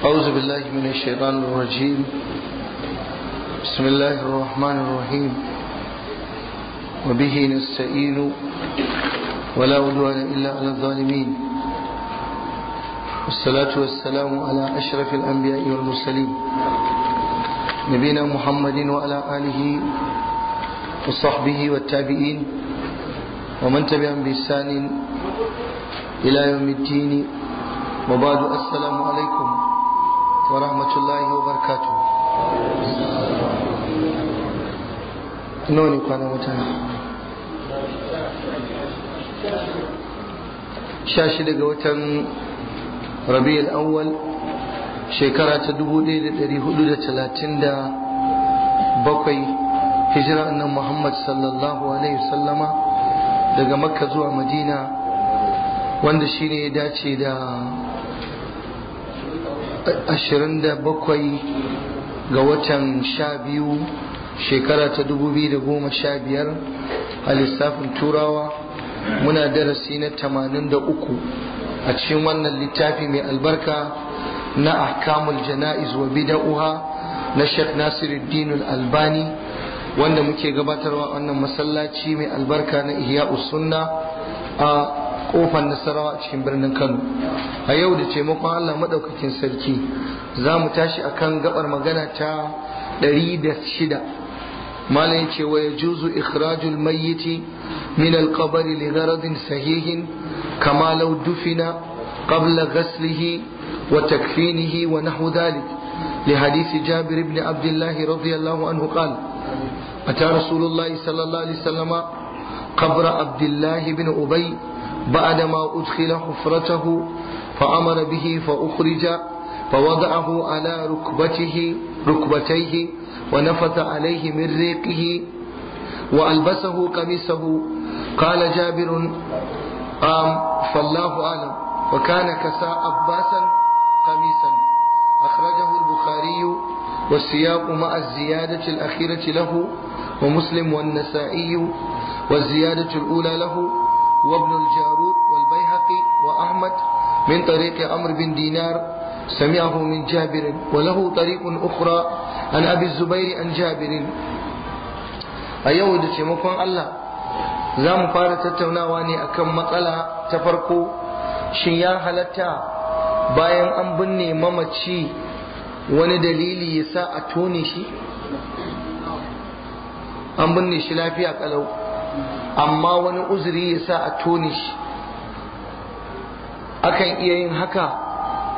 أعوذ بالله من الشيطان الرجيم بسم الله الرحمن الرحيم وبه نستعين ولا عدوان إلا على الظالمين والصلاة والسلام على أشرف الأنبياء والمرسلين نبينا محمد وعلى آله وصحبه والتابعين ومن تبعهم بإحسان إلى يوم الدين وبعد السلام عليكم warahmatullahi wabarakatuh ina wani kwanan wata ne 16 ga watan rabi'ul awwal shekara ta 1437 hijira annan muhammad sallallahu alaihi sallama daga makka zuwa madina wanda shi ne ya dace da 27 ga watan 12 shekara ta 2015 a lissafin turawa muna darasi na tamanin da uku a cikin wannan littafi mai albarka na ahkamul jana'iz wa bida'uha na shek Nasiruddin albani wanda muke gabatarwa wannan masallaci mai albarka na iya Sunna a kofar nasarawa a cikin birnin kano a yau da taimakon allah maɗaukakin sarki za mu tashi akan gabar magana ta 106 malam ce wa ya juzu ikhrajul mayyiti min alqabari li gharadin sahihin kama dufina qabla Gaslihi, wa takfinihi wa nahwu dhalik li hadisi jabir ibn abdullah radiyallahu anhu qala ata rasulullahi sallallahu alaihi wasallama qabra abdullah ibn ubay بعدما أدخل حفرته فأمر به فأخرج فوضعه على ركبته ركبتيه ونفث عليه من ريقه وألبسه قميصه قال جابر آم فالله أعلم وكان كساء عباسا قميصا أخرجه البخاري والسياق مع الزيادة الأخيرة له ومسلم والنسائي والزيادة الأولى له وابن الجارود والبيهقي وأحمد من طريق عمرو بن دينار سمعه من جابر وله طريق أخرى عن أبي الزبير عن جابر أيوه دشي مكوان الله زام فارة التوناواني أكم مطلع تفرقو شيا هلتا bayan an binne mamaci wani dalili ya sa a tone shi an binne shi lafiya kalau amma wani uzuri ya sa a tone shi akan iya yin haka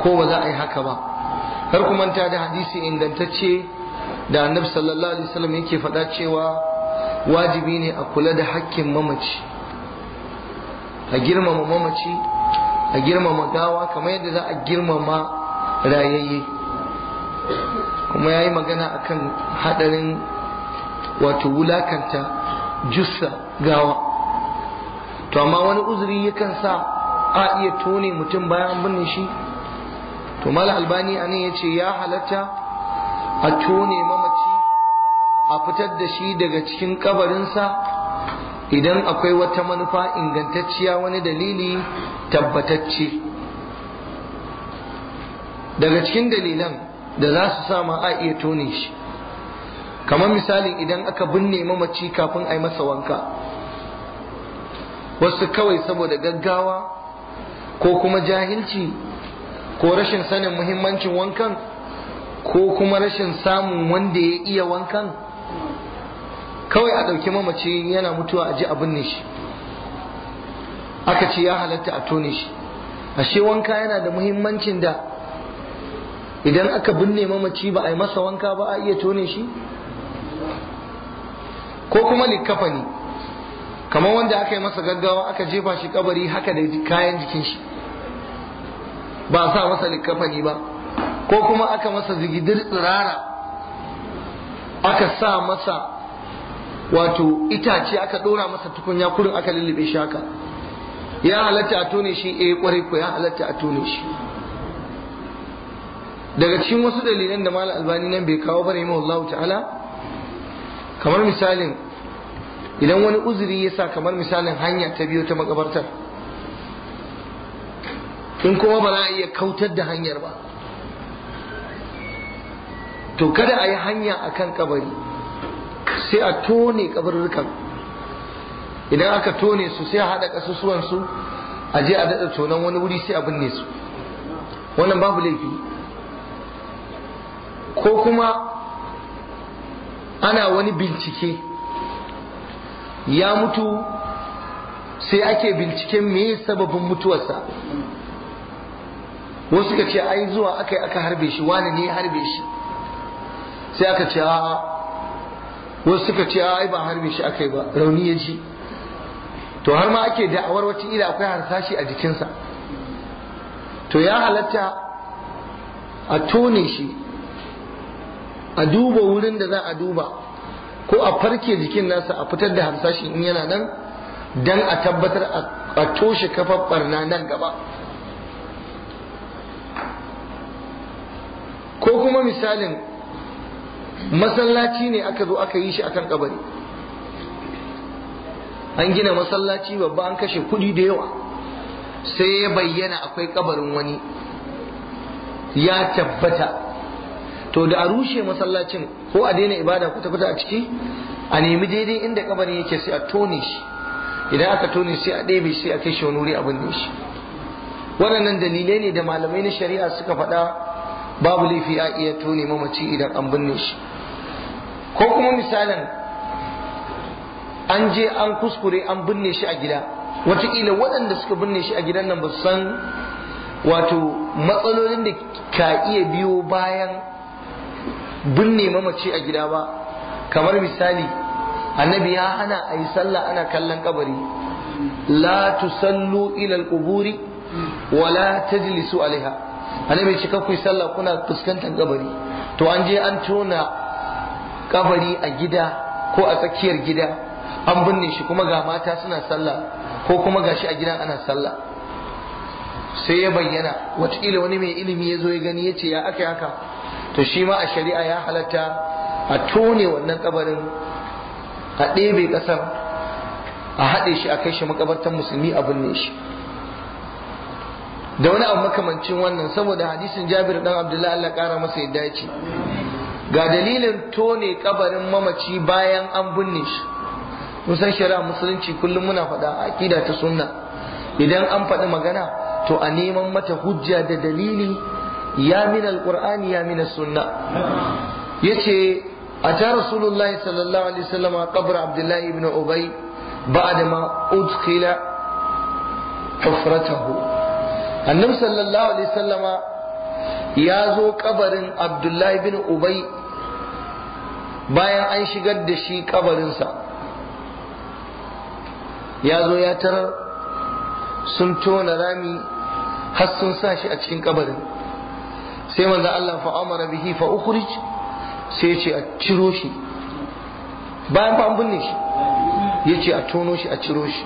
ko ba za a yi haka ba har ku manta da hadisi ingantacce da annabi sallallahu alaihi wasallam yake faɗa cewa wajibi ne a kula da hakkin mamaci a girmama mamaci a girmama gawa kamar yadda za a girmama rayayye kuma ya yi magana akan haɗarin wato wulakanta jussa gawa to amma wani uzuri yakan sa a iya tone mutum bayan an binne shi to mala albani anan ya ce ya halatta a tone mamaci a fitar da shi daga cikin kabarinsa idan akwai wata manufa ingantacciya wani dalili tabbatacce daga cikin dalilan da za su sama a iya tone shi kamar misali idan aka binne mamaci kafin a yi masa wanka wasu kawai saboda gaggawa ko kuma jahilci ko rashin sanin muhimmancin wankan ko kuma rashin samun wanda ya iya wankan kawai a ɗauki mamaci yana mutuwa a ji abin ne shi aka ce ya halatta a tone shi ashe wanka yana da muhimmancin da idan aka binne mamaci ba a yi masa wanka ba a iya tone shi ko kuma likafani kamar wanda aka yi masa gaggawa aka jefa shi kabari haka da kayan jikin shi ba sa masa likafani ba ko kuma aka masa zigidir tsirara aka sa masa wato itace aka dora masa tukunya kurin aka lullube shi haka ya halatta a tone shi eh kwarai ko ya halatta a tone shi daga cikin wasu dalilan da malam albani nan bai kawo bane mu Allah ta'ala kamar misalin idan wani uzuri ya sa kamar misalin hanya ta biyo ta makabartar in kuma ba za a iya kautar da hanyar ba to kada a yi hanya a kan kabari sai a tone kabarurkan idan aka tone su sai a haɗa ƙasusuwansu a je a daɗa tonon wani wuri sai a binne su wannan babu laifi ko kuma ana wani bincike ya mutu sai ake binciken me sababin mutuwarsa wasu ka ce ai zuwa aka yi aka harbe shi wani ne ya harbe shi sai aka ce a wasu ka ce ai ba harbe shi aka yi ba rauni ya ji to har ma ake da'awar wata ila akwai harsashi a jikinsa to ya halatta a tone shi a duba wurin da za a duba ko a farke jikin nasa a fitar da harsashin in yana nan dan a tabbatar a toshe kafar barna nan gaba ko kuma misalin masallaci ne aka zo aka yi shi akan kabari an gina masallaci babba an kashe kudi da yawa sai ya bayyana akwai kabarin wani ya tabbata to da a rushe masallacin ko a daina ibada ku tafi a ciki a nemi daidai inda kabarin yake sai a tone shi idan aka tone sai a ɗebe sai a kai shi wani abin da shi waɗannan dalilai ne da malamai na shari'a suka faɗa babu laifi a iya tone mamaci idan an binne shi ko kuma misalin an je an kuskure an binne shi a gida wataƙila waɗanda suka binne shi a gidan nan ba su san wato matsalolin da ka iya biyo bayan binne mamaci a gida ba kamar misali annabi ya hana a yi sallah ana kallon kabari la tu sallu kuburi kuburi wa la tajlisu alaiha annabi ce ku sallah kuna fuskantar kabari to an je an tona kabari a gida ko a tsakiyar gida an binne shi kuma ga mata suna sallah ko kuma gashi a gidan ana sallah sai ya bayyana wataƙila wani mai ilimi ya zo ya gani ya ce ya aka yi haka to shi ma a shari'a ya halatta a tone wannan kabarin a ɗebe ƙasar a haɗe shi a kai shi makabartar musulmi a binne shi da wani abu makamancin wannan saboda hadisin jabir dan abdullahi Allah ƙara masa yadda ya ce ga dalilin tone kabarin mamaci bayan an binne shi musan shari'a musulunci kullum muna faɗa a akida ta sunna idan an faɗi magana to a neman mata hujja da dalili ya min alqur'ani ya min sunna yace ta rasulullahi sallallahu alaihi wasallam qabr abdullahi ibn ubay ba'da ma udkhila hufratahu annabi sallallahu alaihi wasallama ya zo kabarin abdullahi bin ubay bayan an shigar da shi sa ya zo ya tarar sun tona rami har sun sa shi a cikin kabarin sai manzo Allah fa amara bihi fa ukhrij sai ya ce a ciro shi bayan fa an binne shi ya ce a tono shi a ciro shi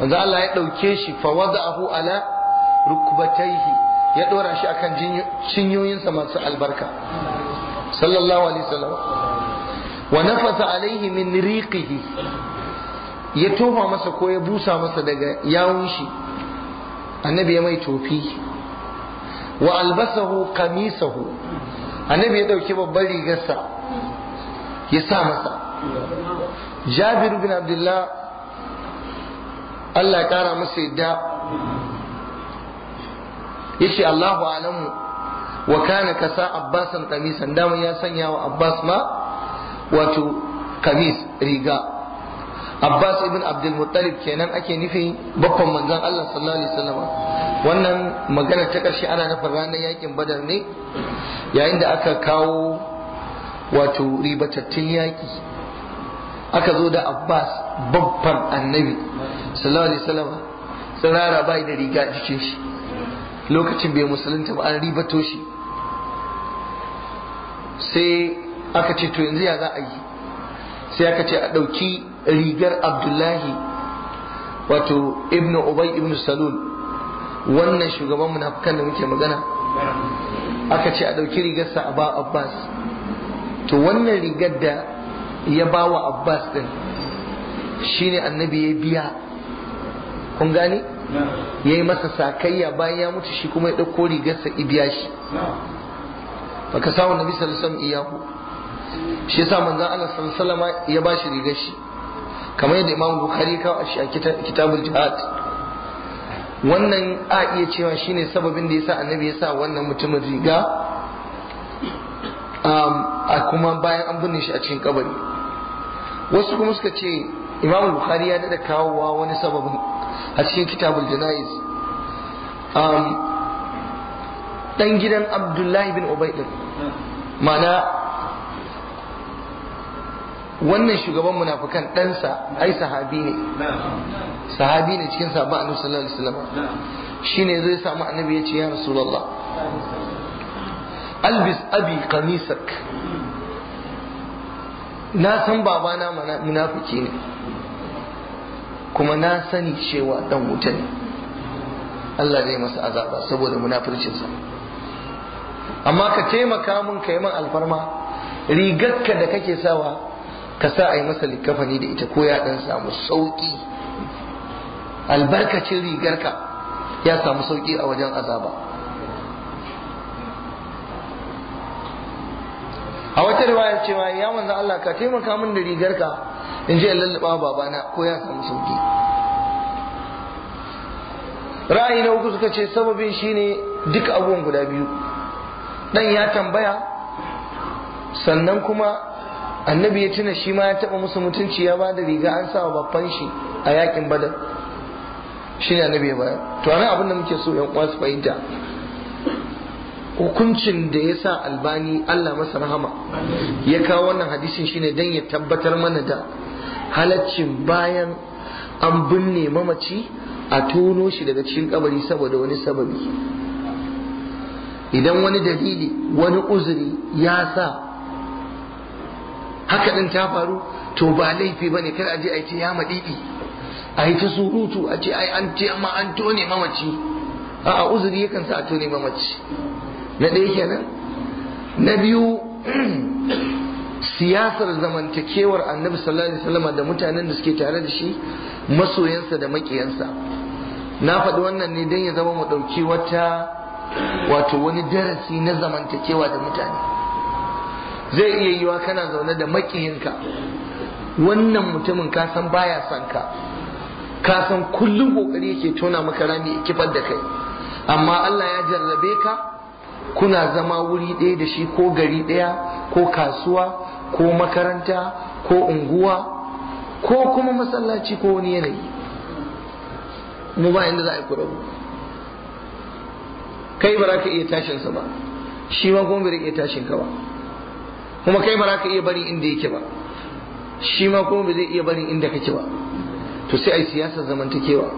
manzo Allah ya dauke shi fa wada'ahu ala rukbatayhi ya dora shi akan cinyoyinsa masu albarka sallallahu alaihi wasallam wa nafasa alaihi min riqihi ya tofa masa ko ya busa masa daga yawun shi annabi ya mai tofi wa albasahu kamisahu annabi ya dauki babbar rigarsa ya sa masa jabiru bin abdullah Allah ya kara masa yadda yace Allahu alamu wa kana kasa abbasan kamisan dama ya sanya wa abbas ma wato kamis riga Abbas ibn Abdul Muttalib kenan ake nufi bakon manzon Allah sallallahu alaihi wasallam wannan magana ta ƙarshe ana nufin ranar yakin badar ne yayin da aka kawo wato ribatattun yaƙi aka zo da abbas babban annabi sallallahu alaihi wasallam tsirara bai da riga jikin shi lokacin bai musulunta ba an ribato shi sai aka ce to yanzu ya za a yi sai aka ce a ɗauki rigar abdullahi wato ibnu ubay ibnu salul wannan shugaban munafukan da muke magana aka ce a ɗauki rigarsa a ba abbas to wannan rigar da ya ba wa abbas ɗin ne annabi ya biya kun gane ya yi masa sakayya bayan ya mutu shi kuma ya ɗauko rigarsa ibiya shi baka samu nabi sallallahu iyahu shi yasa manzon Allah sallallahu ya ba shi rigar shi kamar yadda imam bukhari kawo a kitabul jihad wannan a iya cewa shine sababin da ya yasa annabi sa wannan mutumin riga um, a kuma bayan an binne shi a cikin kabari wasu kuma suka ce imam bukhari ya dada kawowa wani sababin a cikin kitabul jana'iz dan um, gidan abdullahi bin ubay din ma'ana wannan shugaban munafikan ɗansa ai sahabi ne sahabi ne cikin sahabban annabi sallallahu alaihi wasallam ne zai samu annabi ya ce ya rasulullah albis abi qamisak na san babana munafiki ne kuma na sani cewa dan wuta ne Allah zai masa azaba saboda munafircinsa amma ka taimaka mun kai min alfarma rigarka da kake sawa ka sa a yi masa likafani da ita ko ya dan samu sauki albarkacin rigarka ya samu sauki a wajen azaba a wata riwayar cewa ya manzo Allah ka taimaka min da rigarka in je lallaba babana ko ya samu sauki ra'ayi na uku suka ce sababin shine duk abubuwan guda biyu dan ya tambaya sannan kuma annabi ya tuna shi ma ya taba musu mutunci ya ba da riga an sa wa babban shi a yakin badar shi ne annabi ya bayar to anan abin da muke so yan uwa su fahimta hukuncin da ya sa albani Allah masa rahama ya kawo wannan hadisin shine dan ya tabbatar mana da halaccin bayan an binne mamaci a tono shi daga cikin kabari saboda wani sababi idan wani dalili wani uzuri ya sa haka ɗin ta faru to ba laifi ba ne kar a je a ce ya madidi a yi ta surutu a ce ai an ce amma an tone mamaci a'a uzuri yakan sa a tone mamaci na ɗaya kenan na biyu siyasar zamantakewar annabi sallallahu alaihi wasallam da mutanen da suke tare da shi masoyansa da makiyansa na faɗi wannan ne don ya zama mu ɗauki wata wato wani darasi na zamantakewa da mutane zai iya yiwa kana zaune da makihinka wannan mutumin kasan baya son ka ka kullum kokari yake tona maka rami kifar da kai amma Allah ya jarrabe ka kuna zama wuri ɗaya da shi ko gari ɗaya ko kasuwa ko makaranta ko unguwa ko kuma masallaci ko wani yanayi mu ba inda za a yi kurabu kai ba za ka iya tashinsa ba shi ma kuma bai iya tashin ka ba kuma kai ba za ka iya bari inda yake ba shi ma kuma ba zai iya bari inda kake ba to sai a yi siyasar zamantakewa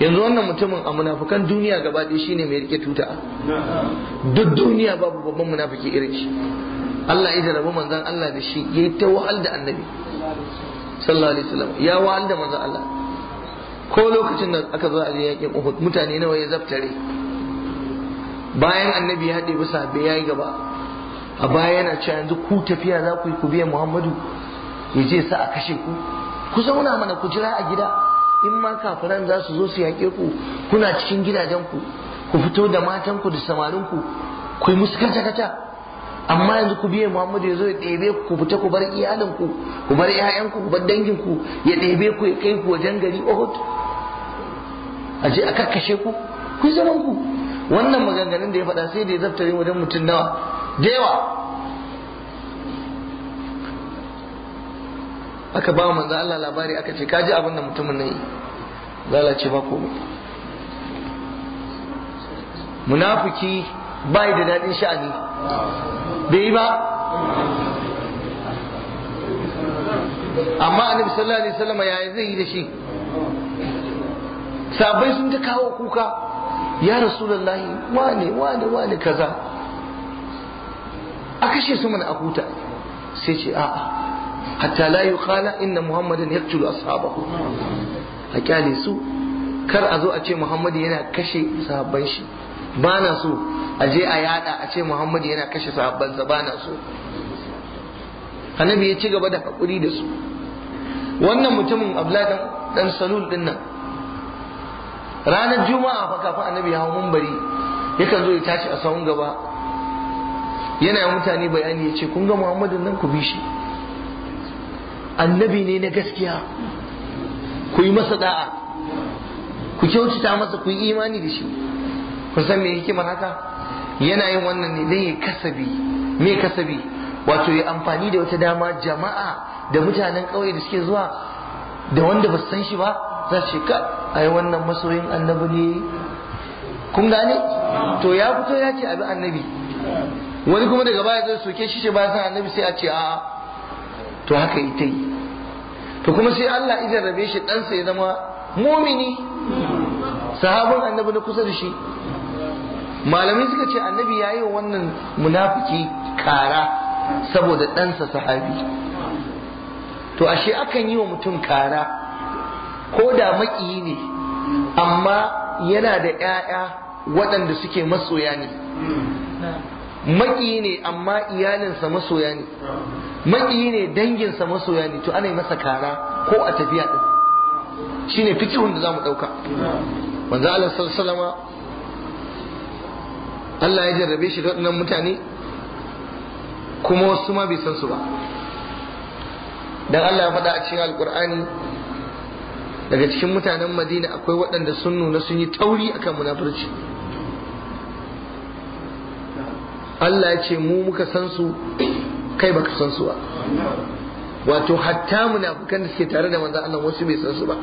yanzu wannan mutumin a munafukan duniya gaba ɗaya shine mai rike tuta duk duniya babu babban munafiki irin shi Allah ya jarabi manzon Allah da shi ya ta wahal da annabi sallallahu alaihi wasallam ya wahal da manzon Allah ko lokacin da aka zo a yakin Uhud mutane nawa ya zaftare bayan annabi ya haɗe bisa bai yayi gaba a baya yana cewa yanzu ku tafiya za ku yi ku biya muhammadu ya je sa a kashe ku ku zauna mana ku jira a gida in ma kafiran za su zo su yaƙe ku kuna cikin gidajen ku ku fito da matanku da samarin ku yi musu kata kata amma yanzu ku biya muhammadu ya zo ya ɗebe ku fita ku bar iyalin ku bar ƴaƴan ku bar dangin ya ɗebe ku ya kai ku wajen gari ohud a je a kakkashe ku ku zaman ku wannan maganganun da ya faɗa sai da ya zaftare wajen mutum nawa da yawa aka ba manzo Allah labari aka ce kaji abin da mutumin ne zala ce ba komai munafiki bai da dadin sha'ani bai yi ba amma annabi sallallahu alaihi wasallam yaya zai yi da shi sabai sun ta kawo kuka ya rasulullahi wane wane wane kaza a kashe su mana a huta sai ce a'a hatta la yuqala inna muhammadan yaqtulu ashabahu a kyale su kar a zo a ce muhammadu yana kashe sahabban shi ba na so a je a yada a ce muhammadu yana kashe sahabbansa ba na so annabi ya ci gaba da haƙuri da su wannan mutumin abladan dan salul din nan ranar juma'a fa kafin annabi ya hau mumbari yakan zo ya tashi a sahun gaba yana mutane bayani ya ce kun ga muhammadin nan ku bi shi annabi ne na gaskiya ku yi masa da'a ku kyautata masa ku yi imani da shi ku san me hikimar haka yana yin wannan ne dan ya kasabi me kasabi wato ya amfani da wata dama jama'a da mutanen ƙauye da suke zuwa da wanda ba san shi ba za su ka ai wannan masoyin annabi ne kun gane to ya fito ya ce abi annabi wani kuma daga baya zai soke shi ce ba san annabi sai a ce a'a to haka ita yi to kuma sai Allah idan rabe shi ɗansa ya zama mumini sahabon annabi na kusa da shi malamai suka ce annabi ya yi wannan munafuki kara saboda ɗansa sahabi to ashe akan yi wa mutum kara ko da maƙiyi ne amma yana da ‘ya'ya waɗanda suke masoya ne maƙiyi ne amma iyalinsa masoya ne maƙiyi ne danginsa masoya ne to ana yi masa kara ko a tafiya ɗin shine fikihun da za mu ɗauka manzo Allah sallallahu Allah ya jarrabe shi da waɗannan mutane kuma wasu ma bai san su ba dan Allah ya faɗa a cikin alƙur'ani daga cikin mutanen Madina akwai waɗanda sun nuna sun yi tauri akan munafurci Allah ya ce mu muka san su kai baka san su ba wato hatta munafukan da suke tare da manzon Allah wasu bai san su ba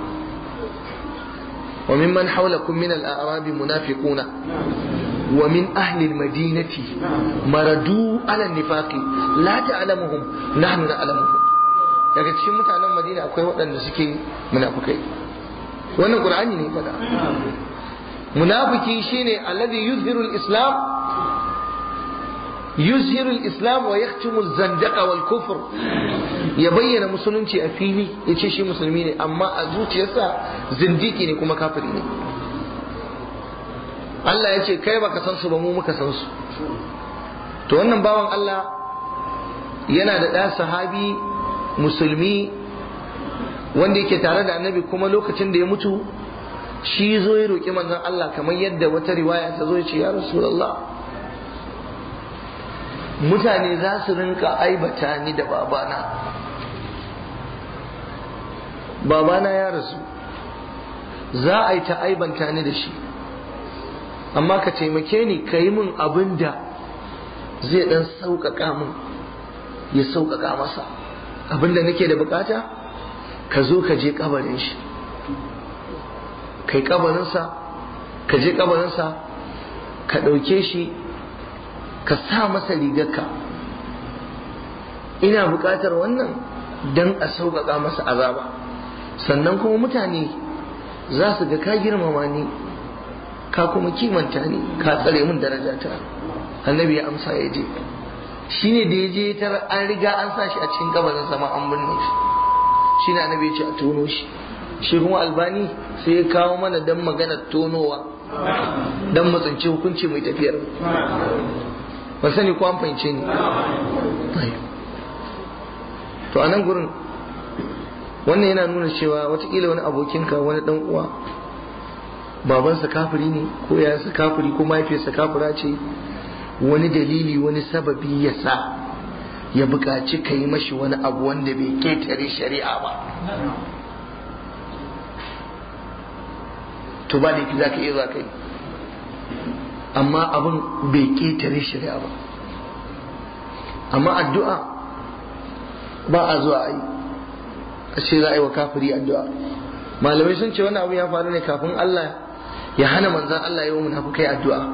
wa mimman hawlakum min al-a'rabi munafiquna wa min ahli al-madinati maradu ala nifaqi la ta'lamuhum nahnu na'lamuhum daga cikin mutanen Madina akwai waɗanda suke munafukai wannan Qur'ani ne fada munafiki shine alladhi yuzhiru al-islam yuzhiru al-islam wa yaktumu az-zandaqa wal kufr ya bayyana musulunci a fili yace shi musulmi ne amma a zuciyarsa zindiki ne kuma kafiri ne Allah ya ce kai baka san su ba mu muka san su to wannan bawan Allah yana da ɗa sahabi musulmi wanda yake tare da annabi kuma lokacin da ya mutu shi zo ya roƙi manzon Allah kamar yadda wata riwaya ta zo ya ce ya rasulullah mutane za su rinka aibata ni da babana babana ya rasu za a yi ta aibanta ni da shi amma ka taimake ni ka yi min abin da zai dan sauƙaƙa min ya sauƙaƙa masa abin da nake da bukata ka zo ka je kabarin shi kai kabarinsa ka je kabarinsa ka ɗauke shi ka sa masa rigarka ina bukatar wannan don a sauƙaƙa masa azaba sannan kuma mutane za su ga ka girmama ni ka kuma kimanta ni ka tsare min darajata annabi ya amsa ya je Shi ne da ya je ta an riga an sa shi a cikin kabarin sama an binne shi Shi ne annabi ya ce a tono shi shi kuma albani sai ya kawo mana don maganar tonowa don matsanci hukunci mai tafiyar ba sani ko an fahimce ni to a nan gurin wannan yana nuna cewa watakila wani abokinka wani dan uwa babansa kafiri ne ko yayansa kafiri ko mahaifiyarsa kafira ce wani dalili wani sababi ya sa ya buƙaci ka yi mashi wani abu wanda bai ketare shari'a ba to ba da za ka iya za ka yi amma abin bai ƙetare shari'a ba amma addu'a ba a zuwa a yi a ce za a yi wa kafiri addu'a malamai sun ce wani abu ya faru ne kafin Allah ya hana manzan Allah munafi kai addu'a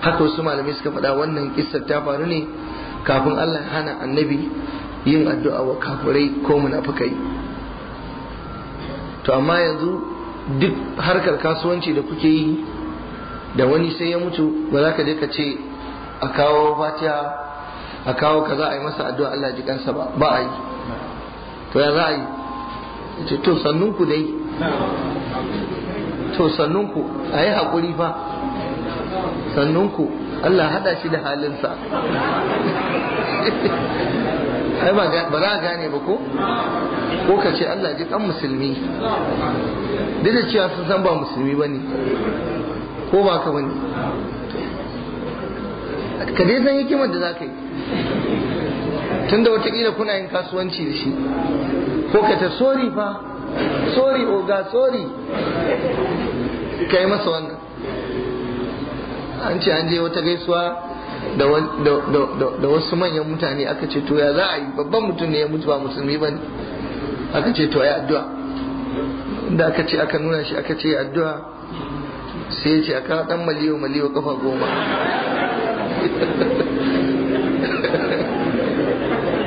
haka wasu malamai suka faɗa wannan kisar ta faru ne kafin Allah ya hana annabi yin addu'a wa kafirai ko kai to amma yanzu duk harkar kasuwanci da kuke yi da wani sai ya mutu ba za ka je ka ce a kawo fatiha a kawo ka za a yi masa addu'a Allah ji kansa ba ba a yi to ya za a yi ce to sannunku dai to sannunku a yi haƙuri fa sannunku Allah hada shi da halinsa ai ba za a gane ba ko ko ka ce Allah ji kan musulmi duk da cewa sun san ba musulmi ba ne ko ba ka wani ka dai san hikimar da za ka yi da watakila kuna yin kasuwanci da shi ko ka ta sori fa sori oga sori ka yi masa wannan an ce an je wata gaisuwa da wasu manyan mutane aka ce to ya za a yi babban mutum ne ya mutu ba musulmi ba ne aka ce to ya addu'a da aka ce aka nuna shi aka ce addu'a sai ya ce a kawo maliyo maliyo kafa goma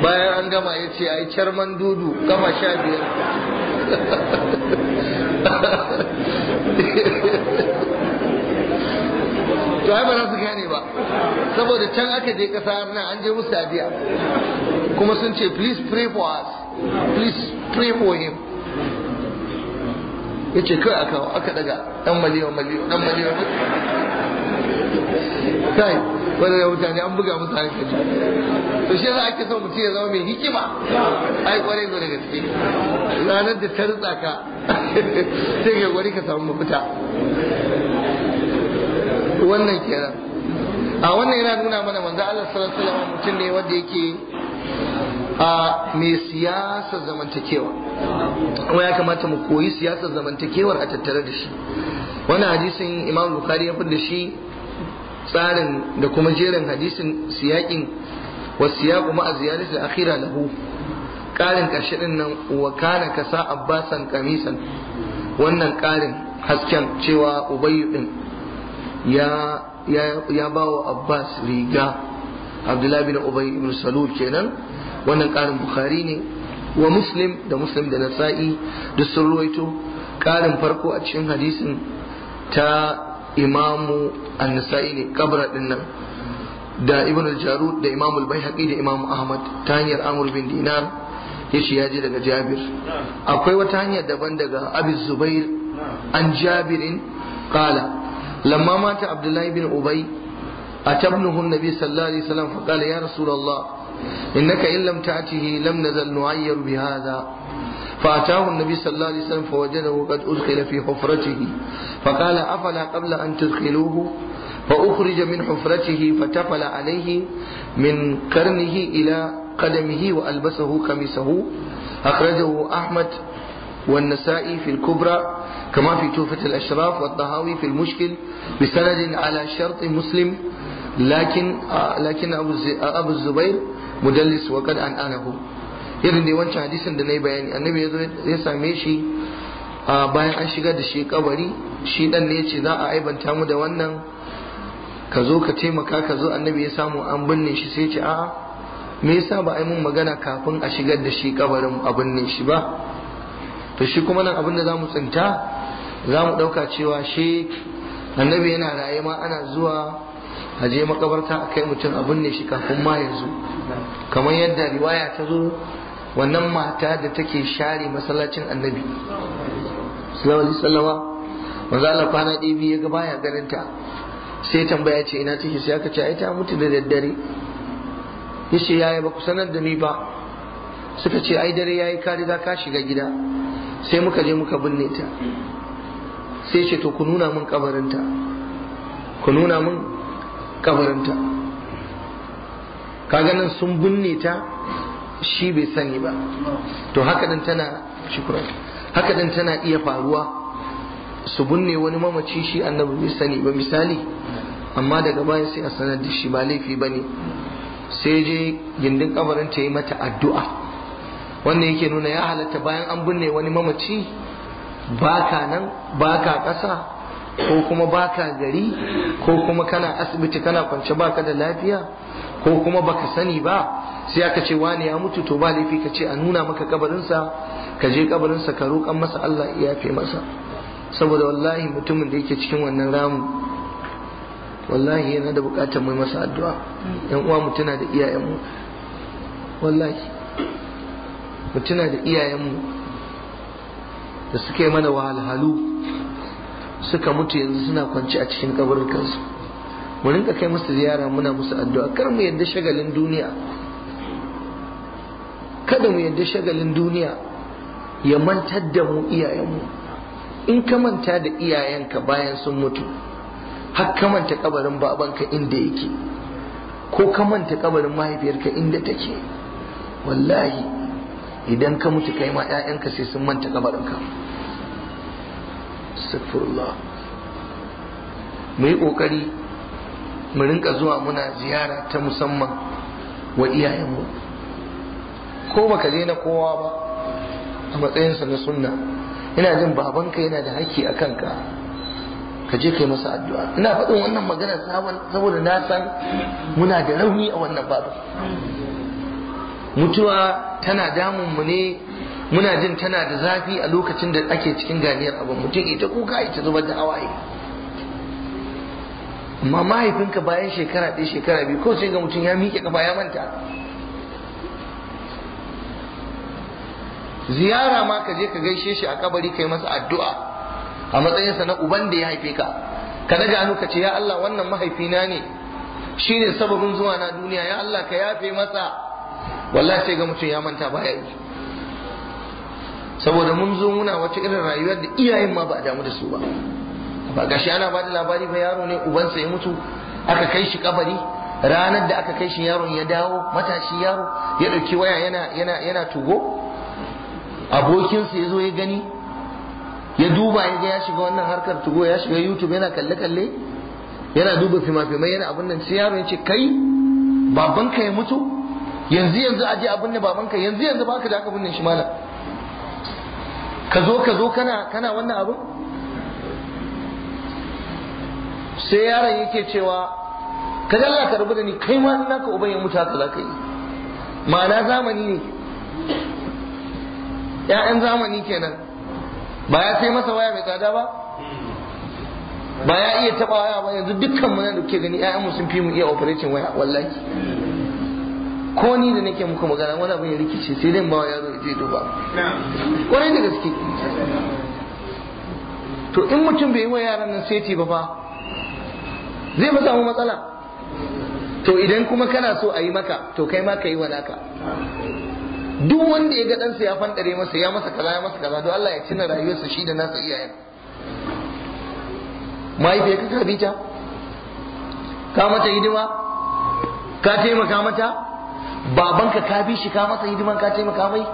bayan an gama ya ce yi carman dudu kafa sha biyar to ai ba za su gane ba saboda can aka je kasa nan an je musu adiya kuma sun ce please pray for us please pray for him ya ce kawai aka aka daga dan miliyan miliyan dan miliyan kai wanda ya mutane an buga musu hankali to shi yasa ake son mutum ya zama mai hikima ai kwarai zo da gaske ranar da ta rutsa ka sai ka gwari ka samu mafita wannan kenan a wannan yana nuna mana manzo Allah sallallahu alaihi wasallam mutum ne wanda yake a mai siyasar zamantakewa kuma ya kamata mu koyi siyasar zamantakewar a tattare da shi wani hadisin imam bukari ya da shi tsarin da kuma jerin hadisin siyakin wasiyaku ma'a da akhira lahu karin karshe din nan wa kana kasa abbasan kamisan wannan karin hasken cewa ubayyu din ya ya ya bawa abbas riga abdullahi bin ubay ibn kenan wannan ƙarin bukhari ne wa muslim da muslim da nasa'i duk sun ruwaito ƙarin farko a cikin hadisin ta imamu an-nasa'i ne kabra din nan da ibn al-jarud da Imam al-baihaqi da Imam ahmad ta hanyar amr bin dinar yace ya je daga jabir akwai wata hanya daban daga abi zubair an jabirin qala lamma mata abdullahi bin ubay atabnuhu an-nabi sallallahu alaihi wasallam faqala ya rasulullah إنك إن لم تأته لم نزل نعير بهذا فأتاه النبي صلى الله عليه وسلم فوجده قد أدخل في حفرته فقال أفلا قبل أن تدخلوه فأخرج من حفرته فتفل عليه من قرنه إلى قدمه وألبسه قميصه أخرجه أحمد والنسائي في الكبرى كما في توفة الأشراف والطهاوي في المشكل بسند على شرط مسلم lakin lakin abu zubair mudallis wa qad an irin dai wancan hadisin da na yi bayani annabi ya same shi bayan an shigar da shi kabari shi dan ne ce za a aibanta mu da wannan ka zo ka taimaka ka zo annabi ya samu an binne shi sai ce a'a me yasa ba a yi mun magana kafin a shigar da shi kabarin a binne shi ba to shi kuma nan abin da za mu tsinta za mu ɗauka cewa shi annabi yana raye ana zuwa a je makabarta a kai mutum abin ne shi kafin ma yanzu kamar yadda riwaya ta zo wannan mata da take share masallacin annabi sallallahu alaihi wasallama manzo Allah kwana ɗaya ya ga baya ganin ta sai tambaya ce ina take sai aka ce ai ta mutu da daddare yace yaya ba ku sanar da ni ba suka ce ai dare yayi ka riga ka shiga gida sai muka je muka binne ta sai ce to ku nuna min ta ku nuna min kabarinta kaga nan sun binne ta shi bai sani ba to haka din tana shukran haka din tana iya faruwa su binne wani mamaci shi annabi bai sani ba misali amma daga baya sai a sanar da shi ba laifi ba ne sai je gindin kabarin ta yi mata addu'a wannan yake nuna ya halatta bayan an binne wani mamaci baka nan baka ƙasa ko kuma baka gari ko kuma kana asibiti kana kwance baka da lafiya ko kuma baka sani ba sai aka ce wani ya mutu to ba laifi ka ce a nuna maka kabarinsa ka je kabarinsa ka roƙan masa Allah ya fi masa saboda wallahi mutumin da yake cikin wannan ramu wallahi yana da buƙatar mai masa addu'a yan uwa mu da iyayenmu wallahi mutuna da iyayenmu da suke mana wahalhalu suka mutu yanzu suna kwanci a cikin kaburinkansu mu rinka kai musu ziyara muna musu addu'a kar mu yadda shagalin duniya kada mu yadda shagalin duniya ya mantar da mu iyayenmu in ka manta da iyayenka bayan sun mutu har ka manta kabarin babanka inda yake ko ka manta kabarin mahaifiyarka inda take wallahi idan ka mutu kai ma 'ya'yanka sai sun manta kabarinka astagfirullah mu yi kokari mu rinka zuwa muna ziyara ta musamman wa iyayenmu ko baka je na kowa ba a matsayinsa na sunna ina jin babanka yana da haƙƙi a kanka ka je kai masa addu'a ina faɗin wannan magana saboda na san muna da rauni a wannan babu mutuwa tana damun mu ne muna jin tana da zafi a lokacin da ake cikin ganiyar abin mutum ita kuka ita zubar da hawaye amma mahaifinka bayan shekara ɗaya shekara biyu ko sai ga mutum ya miƙe kafa ya manta ziyara ma ka je ka gaishe shi a kabari kai masa addu'a a matsayinsa na uban da ya haife ka ka daga hannu ka ce ya Allah wannan mahaifina ne shine sababin zuwa na duniya ya Allah ka yafe masa wallahi sai ga mutum ya manta baya yi saboda mun zo muna wata irin rayuwar da iyayen ma ba a damu da su ba ba gashi ana ba da labari ba yaro ne ubansa ya mutu aka kai shi kabari ranar da aka kai shi yaron ya dawo matashi yaro ya ɗauki waya yana yana yana tugo abokinsa ya zo ya gani ya duba ya ga ya shiga wannan harkar tugo ya shiga youtube yana kalle kalle yana duba fima-fimai yana abin nan sai yaro ya ce kai babanka ya mutu yanzu yanzu aje abin da babanka yanzu yanzu baka da aka binne shi malam ka zo ka zo kana wannan abu sai yaron yake cewa ka Allah ka rubu da ni kai ma ina ka ya mutu haka za ka yi ma'ana zamani ne ‘ya'yan zamani kenan ba ya sai masa waya mai tsada ba ba ya iya taɓa waya ba yanzu dukkan mu da ke gani ‘ya'yan mu sun fi mu iya operation waya wallahi ko ni da nake muku magana wani abin ya rikice sai dai bawa yaro je duba kwarai da gaske to in mutum bai yi wa yaran nan seti ba fa zai ba samu matsala to idan kuma kana so a yi maka to kai ma ka yi wa naka duk wanda ya ga ɗansa ya fanɗare masa ya masa kaza ya masa kaza don Allah ya cina rayuwarsa shi da nasa iyayen mahaifiyar ka ka ta? ka mata hidima ka taimaka mata babanka ka bi shi ka masa hidiman ka taimaka mai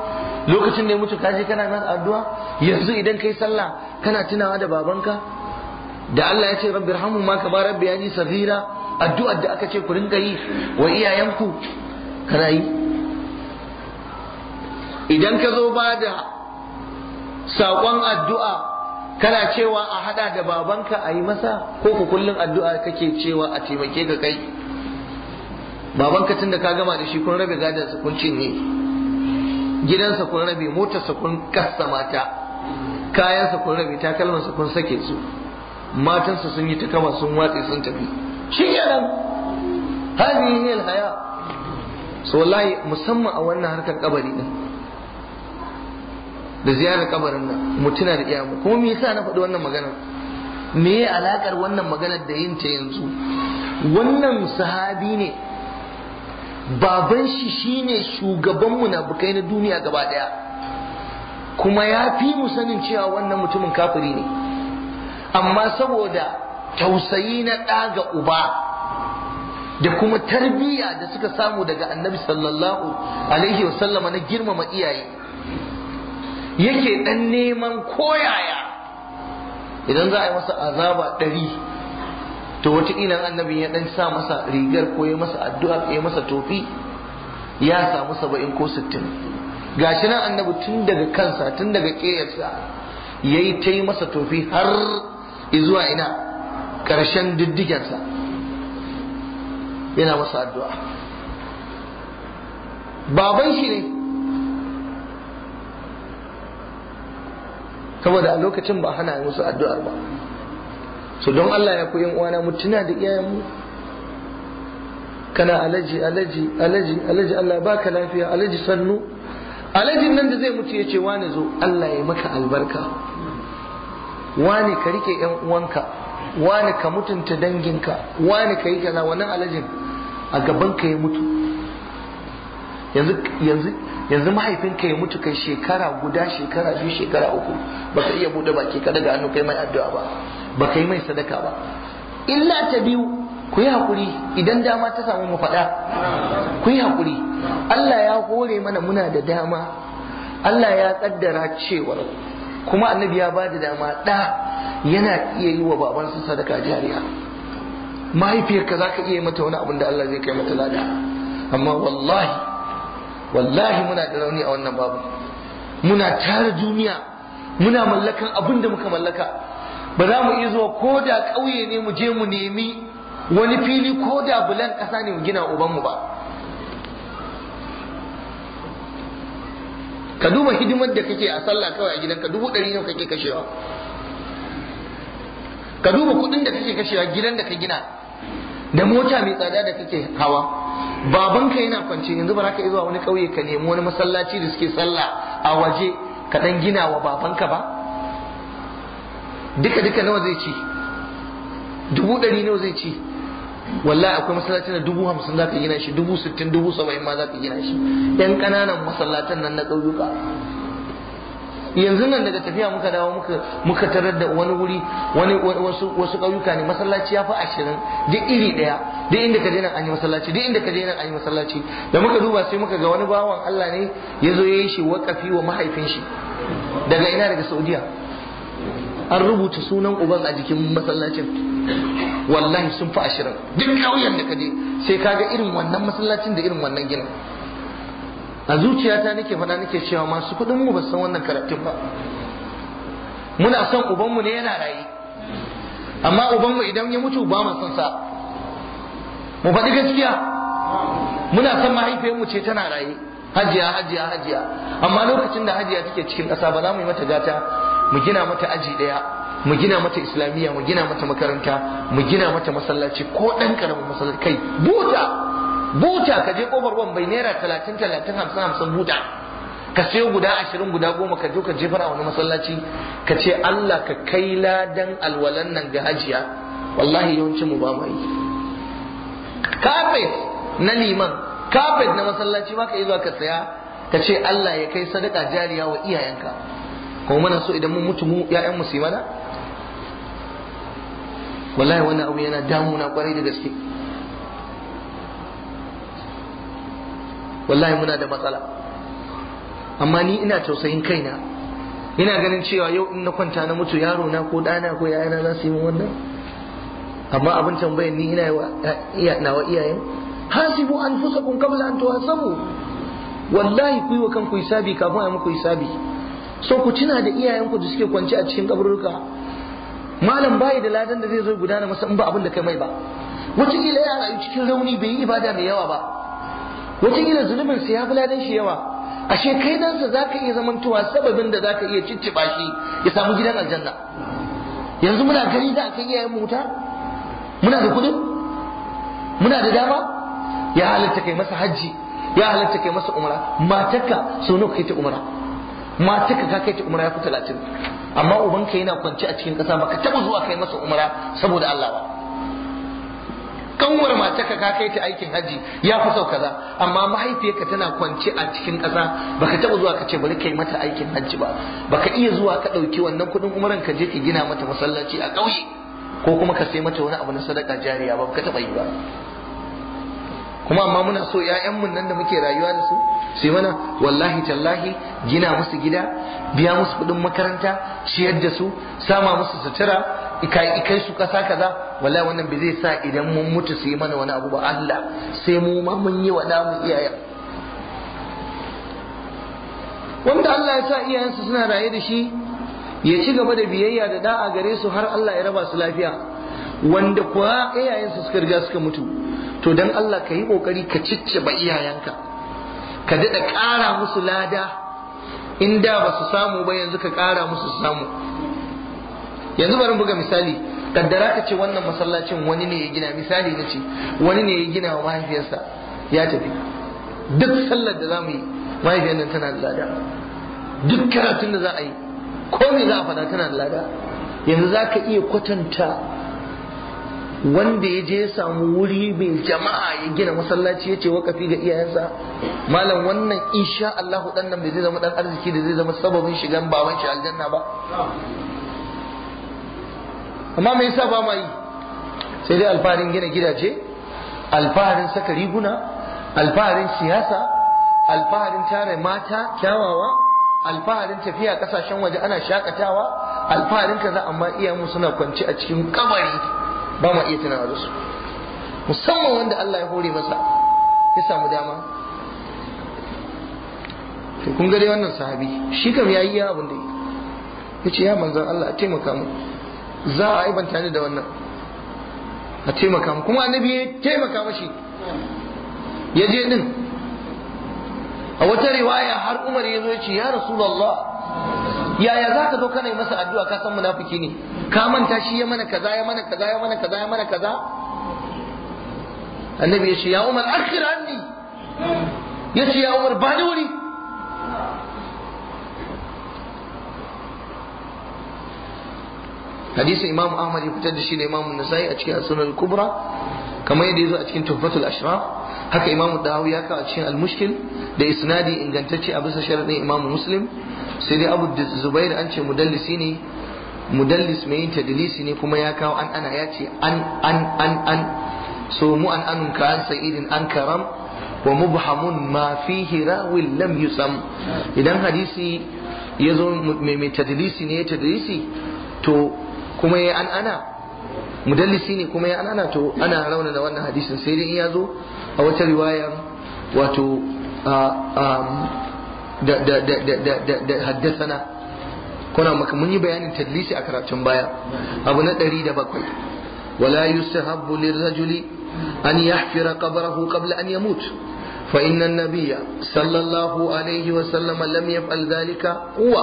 lokacin da ya mutu ka je kana nan addu'a yanzu idan kai sallah kana tunawa da babanka da Allah ya ce rabbi rahamu ma ba rabbi yani saghira addu'ar da aka ce ku rinka yi wa iyayenku kana yi idan ka zo ba da saƙon addu'a kana cewa a hada da babanka a yi masa ko ku kullum addu'a kake cewa a taimake ka kai baban ka tun da ka gama da shi kun rabe gadon kun cinye gidansa kun rabe motarsa kun kassa mata kayansa kun rabe takalmansa kun sake su matansa sun yi ta kama sun watse sun tafi shi kenan hadhihi hiya haya so wallahi musamman a wannan harkar kabari din da ziyarar kabarin nan mutuna da iyamu kuma me yasa na faɗi wannan maganar me ya alakar wannan maganar da yin ta yanzu wannan sahabi ne baban shi shine shugaban munafukai na duniya gaba daya kuma ya fi mu sanin cewa wannan mutumin kafiri ne amma saboda tausayi na ɗa uba da kuma tarbiyya da suka samu daga annabi sallallahu alaihi wasallama na girmama iyaye yake ɗan neman koyaya idan za a yi masa azaba ɗari to wataƙila annabi ya ɗan sa masa rigar ko ya masa addu'a ya masa tofi ya samu saba'in ko sittin gashi nan annabi tun daga kansa tun daga ƙeyarsa ya yi ta yi masa tofi har zuwa ina ƙarshen diddigensa yana masa addu'a baban shi ne saboda a lokacin ba hana yi musu addu'ar ba so don Allah ya koyi uwana mu tuna da mu? kana alaji alaji alaji alaji Allah baka lafiya alaji sannu alajin nan da zai mutu ya ce wani zo Allah ya maka albarka wani ka rike yan uwanka wani ka mutunta danginka wani ka yi kaza wannan alajin a gaban ka ya mutu yanzu yanzu yanzu mahaifinka ya mutu kai shekara guda shekara biyu shekara uku baka iya bude baki ka daga hannu kai mai addu'a ba ba kai mai sadaka ba illa ta biyu ku yi hakuri idan dama ta samu mu faɗa ku yi hakuri Allah ya hore mana muna da dama Allah ya tsaddara cewar kuma annabi ya bada dama ɗa yana iya yi wa babansa sadaka jariya mahaifiyarka za ka iya mata wani abin da Allah zai kai mata lada amma wallahi wallahi muna da rauni a wannan babu muna tara duniya muna mallakan abin da muka mallaka ba za mu iya zuwa ko da ƙauye ne mu je mu nemi wani fili ko da bulan ƙasa ne mu gina ubanmu ba ka duba hidimar da kake a sallah kawai a gidanka dubu ɗari nawa kake kashewa ka duba kuɗin da kake kashewa gidan da ka gina da mota mai tsada da kake hawa babanka yana kwance yanzu ba za ka zuwa wani ƙauye ka nemi wani masallaci da suke sallah a waje ka ɗan gina wa babanka ba duka duka nawa zai ci dubu ɗari nawa zai ci wallahi akwai masallacin da dubu hamsin za ka gina shi dubu sittin dubu saba'in ma za ka gina shi yan ƙananan masallatan nan na ƙauyuka yanzu nan daga tafiya muka dawo muka muka tarar da wani wuri wani wasu wasu ƙauyuka ne masallaci ya fi ashirin duk iri ɗaya duk inda ka je nan an yi masallaci duk inda ka je nan an yi masallaci da muka duba sai muka ga wani bawan Allah ne ya zo ya yi shi waƙafi wa mahaifin shi daga ina daga Saudiya an rubuta sunan uban a jikin masallacin wallahi sun fi ashirin duk ƙauyen da kaje sai kaga irin wannan masallacin da irin wannan ginin a zuciyata nake faɗa nake cewa masu kuɗin mu ba san wannan karatun ba muna son ubanmu ne yana raye amma ubanmu idan ya mutu ba mu son sa mu faɗi gaskiya muna son mahaifiyarmu ce tana raye hajiya hajiya hajiya amma lokacin da hajiya take cikin ƙasa ba za mu yi mata gata mu gina mata aji daya mu gina mata islamiyya mu gina mata makaranta mu gina mata masallaci ko dan karamin masallaci kai buta buta ka je kofar wan bai naira 30 30 50 50 buta ka sayo guda 20 guda 10 ka je ka jefar a wani masallaci ka ce Allah ka kai ladan alwalan nan ga hajiya wallahi yawancin mu ba mu yi kafet na liman kafet na masallaci ma ka yi zuwa ka saya ka ce Allah ya kai sadaka jariya wa iyayenka kuma muna so idan mun mutu mu ƴaƴan su mana wallahi wannan abu yana damuna kwarai da gaske wallahi muna da matsala amma ni ina tausayin kaina ina ganin cewa yau in na kwanta na mutu yaro na ko ɗana ko ƴaƴana za su yi wannan amma abin tambayar ni ina iya nawa iyayen hasibu anfusakum qabla an tuhasabu wallahi ku yi wa kanku hisabi kafin a muku hisabi so ku tuna da iyayenku da suke kwance a cikin kaburuka malam bayi da ladan da zai zo gudana masa in ba abin da kai mai ba wata kila ya rayu cikin rauni bai yi ibada mai yawa ba wata kila zunubin sa ya fi ladan shi yawa ashe kai dan sa zaka iya zamantowa sababin da zaka iya cicciba shi ya samu gidan aljanna yanzu muna gari da akan iyayen mu wuta muna da kudin muna da dama ya halatta kai masa hajji ya halatta kai masa umra matarka sau nawa kai ta umra ma ka ka kai ta umra ya fi talatin amma ubanka yana kwance a cikin ƙasa ka taɓa zuwa kai masa umra saboda Allah ba kanwar mata ka ka kai ta aikin haji ya fi sau kaza amma mahaifiyarka tana kwance a cikin ƙasa ka taɓa zuwa ka ce bari kai mata aikin haji ba ba ka iya zuwa ka ɗauki wannan kuɗin umaran ka je ka gina mata masallaci a ƙauye ko kuma ka sai mata wani abu na sadaka jariya ba ka taɓa yi ba kuma amma muna so yayanmu nan da muke rayuwa da su su mana wallahi tallahi gina musu gida biya musu kuɗin makaranta ciyar da su sama musu sutura kai su kasa kaza wallahi wannan bai zai sa idan mun mutu su yi mana wani abu ba Allah sai mu ma mun yi wa mu iyayen wanda Allah ya sa iyayensu suna raye da shi ya ci gaba da biyayya da da'a gare su har Allah ya raba su lafiya wanda kuwa iyayensu suka riga suka mutu to dan Allah ka yi kokari ka ba iyayenka ka daɗa ƙara musu lada in da ba su samu ba yanzu ka ƙara musu samu yanzu bari buga misali kaddara ka ce wannan masallacin wani ne ya gina misali na ce wani ne ya gina wa mahaifiyarsa ya tafi duk sallar da za mu yi mahaifiyar nan tana da lada duk karatun da za a yi ko me za a faɗa tana da lada yanzu za ka iya kwatanta wanda ya je samu wuri mai jama'a ya gina masallaci ya ce wakafi ga iyayensa malam wannan insha Allah dan nan zai zama dan arziki da zai zama sababin shigan baban shi aljanna ba amma me yasa ba mai sai dai alfaharin gina gidaje alfaharin saka riguna alfaharin siyasa alfaharin tare mata kyawawa alfaharin tafiya kasashen waje ana shakatawa alfaharin kaza amma iyayenmu suna kwance a cikin kabari ba ma iya tunawa da su musamman wanda Allah ya hore masa ya samu dama to kun wannan sahabi shi kam yayi ya abin da yace ya manzon Allah a taimaka mu za a aibanta ni da wannan a taimaka mu kuma annabi ya taimaka mashi ya je din a wata riwaya har Umar ya zo ya ce ya Rasulullah yaya za ka zo kana yi masa addu'a ka san munafiki ne ka manta shi ya mana kaza ya mana kaza ya mana kaza ya mana kaza annabi ya ce ya umar akhir anni ya ce ya umar ba ni wuri hadisin imam ahmad ya fitar da shi da imam nasai a cikin sunan kubra kamar yadda ya zo a cikin Tuffatul ashraf haka imam dahawi ya kawo a cikin al-mushkil da isnadi ingantacce a bisa sharadin imam muslim sai dai abu zubair an ce mudallisi ne mudallis mai yin tadlisi ne kuma ya kawo an ana ya ce an an an an so mu an anun ka an sa'idin an karam wa mubhamun ma fihi rawin lam yusam idan hadisi ya zo mai tadlisi ne ya tadlisi to kuma ya an ana mudallisi ne kuma ya an ana to ana rauna da wannan hadisin sai dai in ya zo a wata riwaya wato da haddasa na. kuna maka mun yi bayanin tadlisi a karatun baya abu na ɗari da bakwai wala yustahabbu lirrajuli an yahfira qabrahu qabla an yamut fa inna an-nabiyya sallallahu alaihi wa sallam lam yaf'al dhalika huwa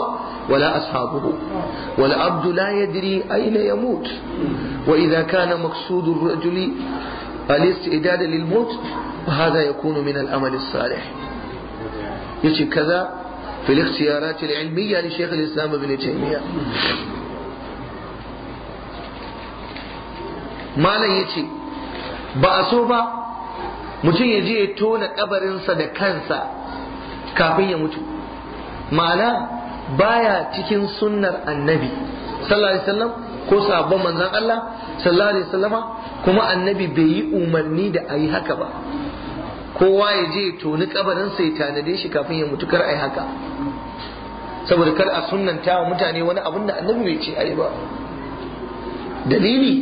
wala ashabuhu wal abdu la yadri ayna yamut wa idha kana maqsudu ar-rajuli al-istidad lil-maut fa hadha yakunu min al-amal as-salih yace kaza في الاختيارات العلمية لشيخ الإسلام ابن تيمية ما لا يتي بأسوبة mutum ya je ya tona kabarinsa da kansa kafin ya mutu ma'ana baya cikin sunnar annabi sallallahu alaihi wasallam ko sabon manzon Allah sallallahu alaihi wasallama kuma annabi bai yi umarni da a yi haka ba kowa ya je toni kabarin sai tanade shi kafin ya mutu kar ai haka saboda kar a sunnanta wa mutane wani abin da annabi bai ce ai ba dalili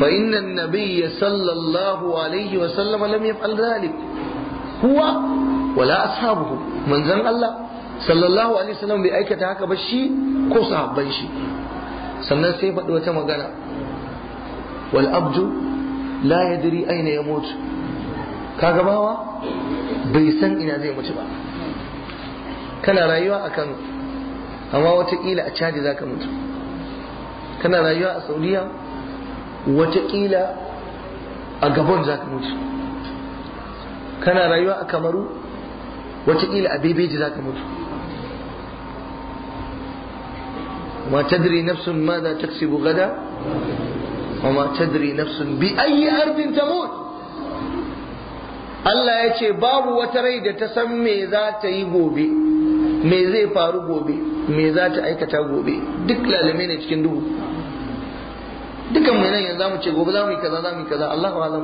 fa inna nabiyya sallallahu alaihi wa sallam lam yaf'al dhalik huwa wala ashabuhu manzon Allah sallallahu alaihi wa sallam bai aikata haka ba shi ko sahabban shi sannan sai faɗi wata magana wal abdu la yadri aina yamut kaga bai san ina zai mutu ba kana rayuwa a kano amma watakila a chadi za ka mutu kana rayuwa a saudiya watakila a gabon za ka mutu kana rayuwa a kamaru watakila a bebeji za ka mutu ما تدري نفس ماذا تكسب غدا وما تدري نفس بأي أرض تموت Allah ya ce babu wata rai da ta san me za ta yi gobe me zai faru gobe me za ta aikata gobe duk lalame ne cikin duhu dukan mai nan yanzu za mu ce gobe za mu yi kaza za mu yi kaza Allahu alam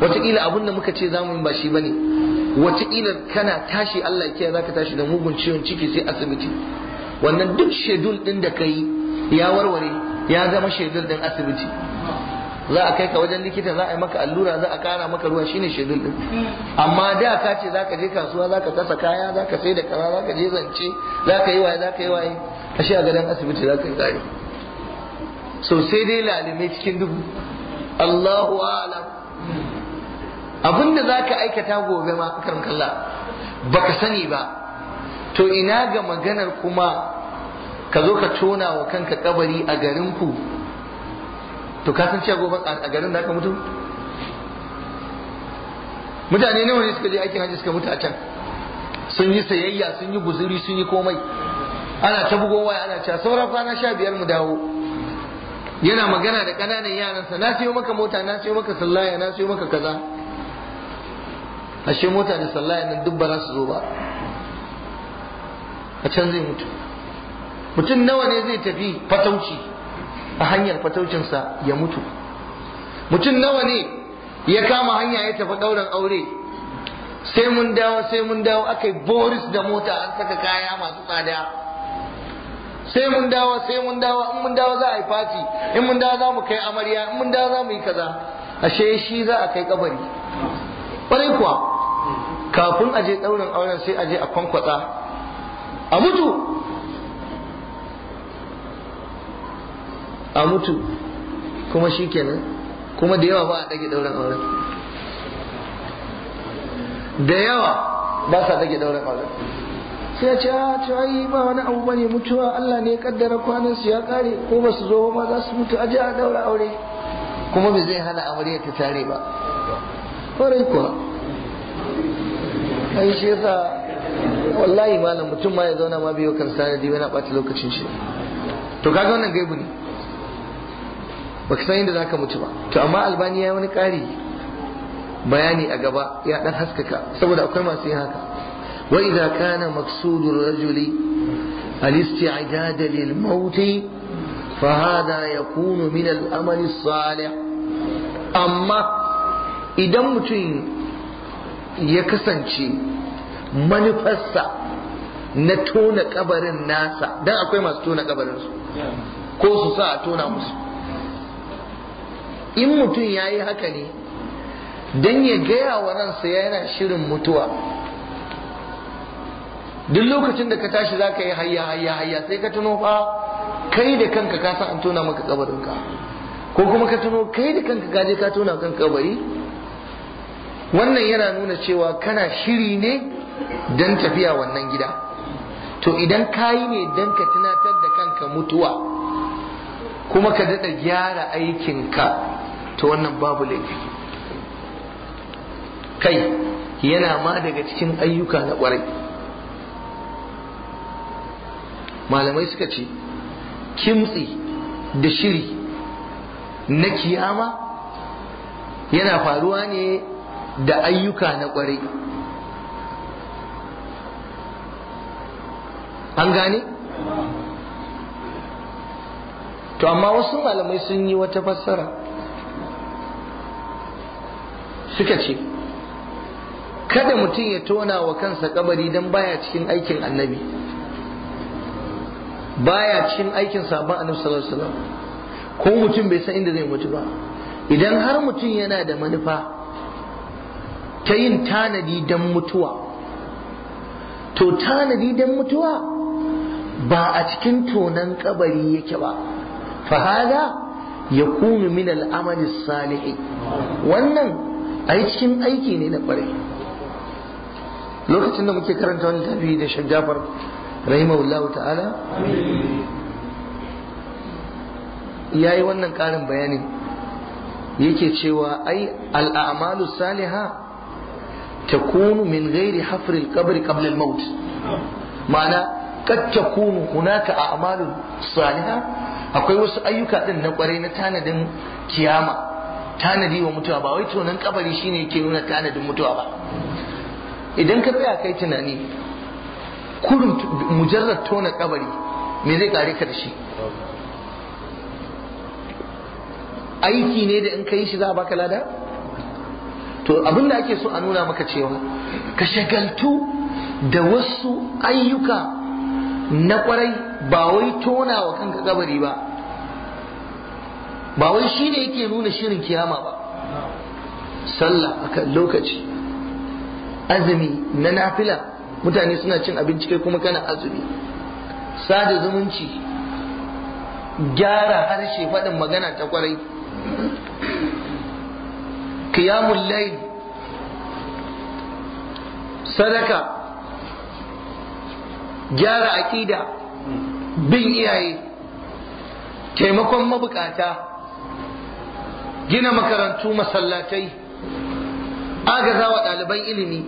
wataƙila abin da muka ce za mu yi ba shi bane wataƙila kana tashi Allah ya zaka tashi da mugun ciwon ciki sai asibiti wannan duk shedul din da kai ya warware ya zama shedul din asibiti za a kai ka wajen likita za a yi maka allura za a kara maka ruwa shine shedul din amma da ka ce za ka je kasuwa za ka tasa kaya za ka sai da kara za ka je zance za ka yi waye za ka yi waye a shi a gadon asibiti za ka yi tsari so sai dai lalume cikin dubu Allahu a'lam abin da za ka aikata gobe ma karin kalla baka sani ba to ina ga maganar kuma ka zo ka tona wa kanka kabari a garinku ku to ka san cewa a garin da aka mutu mutane nawa ne suka je aikin hajji suka mutu a can sun yi sayayya sun yi guzuri sun yi komai ana ta bugowa waya ana cewa saura kwana sha biyar mu dawo yana magana da ƙananan yaransa na siyo maka mota na siyo maka sallaya na siyo maka kaza ashe mota da sallaya nan duk ba za su zo ba a can zai mutu mutum nawa ne zai tafi fatauci a hanyar fataucinsa ya mutu mutum nawa ne ya kama hanya ya tafi ɗaurin aure sai mun dawo sai mun dawo aka yi boris da mota an saka kaya masu tsada sai mun dawo sai mun dawo in mun dawo za a yi fati in mun dawo za mu kai amarya in mun dawo za mu yi kaza ashe shi za a kai kabari ƙwarai kuwa kafin aje ɗaurin auren sai aje a kwankwatsa a mutu a mutu kuma shi kenan kuma da yawa ba a ɗage ɗauren auren da yawa ba sa ɗage ɗauren auren sai ce a ah, to ai ba wani abu ba ne mutuwa Allah ne ya kaddara kwanan su ya kare ko ba su zo ba za su mutu aje a daura aure kuma bai zai hana amarya ta tare ba kwarai kuwa ai shi yasa wallahi malam mutum ma ya zauna ma biyo kansa sanadi diwa na ɓata lokacin shi to kaga wannan gaibu ne baka san za ka mutu ba to amma albani ya wani ƙari bayani a gaba ya ɗan haskaka saboda akwai masu yin haka wa idza kana maqsudur rajuli al-isti'dad lil maut fa hada yakunu min al-amal salih amma idan mutum ya kasance manufarsa na tona kabarin nasa dan akwai masu tona kabarin su ko su sa a tona musu in mutum ya yi haka ne don ya gaya wa ransa yana shirin mutuwa duk lokacin da ka tashi za ka yi hayya hayya hayya sai ka tuno fa kai da kanka ka san an tona maka kabarinka ko kuma ka tuno kai da kanka ka je ka tona kan kabari wannan yana nuna cewa kana shiri ne don tafiya wannan gida to idan ka yi ne don ka tunatar da kanka mutuwa kuma ka daɗa gyara aikinka to wannan babu laifi kai yana ma daga cikin ayyuka na kwarai malamai suka ce kimtsi da shiri na kiyama yana faruwa ne da ayyuka na kwarai an gane? to amma wasu malamai sun yi wata fassara suka ce kada mutum ya tona wa kansa kabari don baya cikin aikin annabi baya cikin aikin sabon annabi sallallahu alaihi wasallam ko mutum bai san inda zai mutu ba idan har mutum yana da manufa ta yin tanadi don mutuwa to tanadi don mutuwa ba a cikin tonan kabari yake ba fahada ya kumi min al'amalin salihi wannan ai cikin aiki ne na kwarai lokacin da muke karanta wani tafi da shek rahimahullahu ta'ala ya yi wannan karin bayanin yake cewa ai al'amalu saliha ta kunu min gairi hafril kabri qabla maut ma'ana kad takunu hunaka a'malu saliha akwai wasu ayyuka din na kwarai na tanadin kiyama tanadi wa mutuwa ba wai tonan kabari shine yake nuna tanadin mutuwa ba idan ka tsaya kai tunani kurin mujarrad tona kabari me zai kare ka da shi aiki ne da in ka yi shi za a baka lada to abinda ake so a nuna maka cewa ka shagaltu da wasu ayyuka na kwarai ba wai tona wa kanka kabari ba ba wai shi ne yake nuna shirin kiyama ba sallah akan lokaci azumi na nafila mutane suna cin abinci kai kuma kana azumi sada zumunci gyara harshe faɗin magana ta kwarai kiyamun lai sadaka gyara aƙida bin iyaye taimakon mabukata gina makarantu masallatai agaza wa ɗaliban ilimi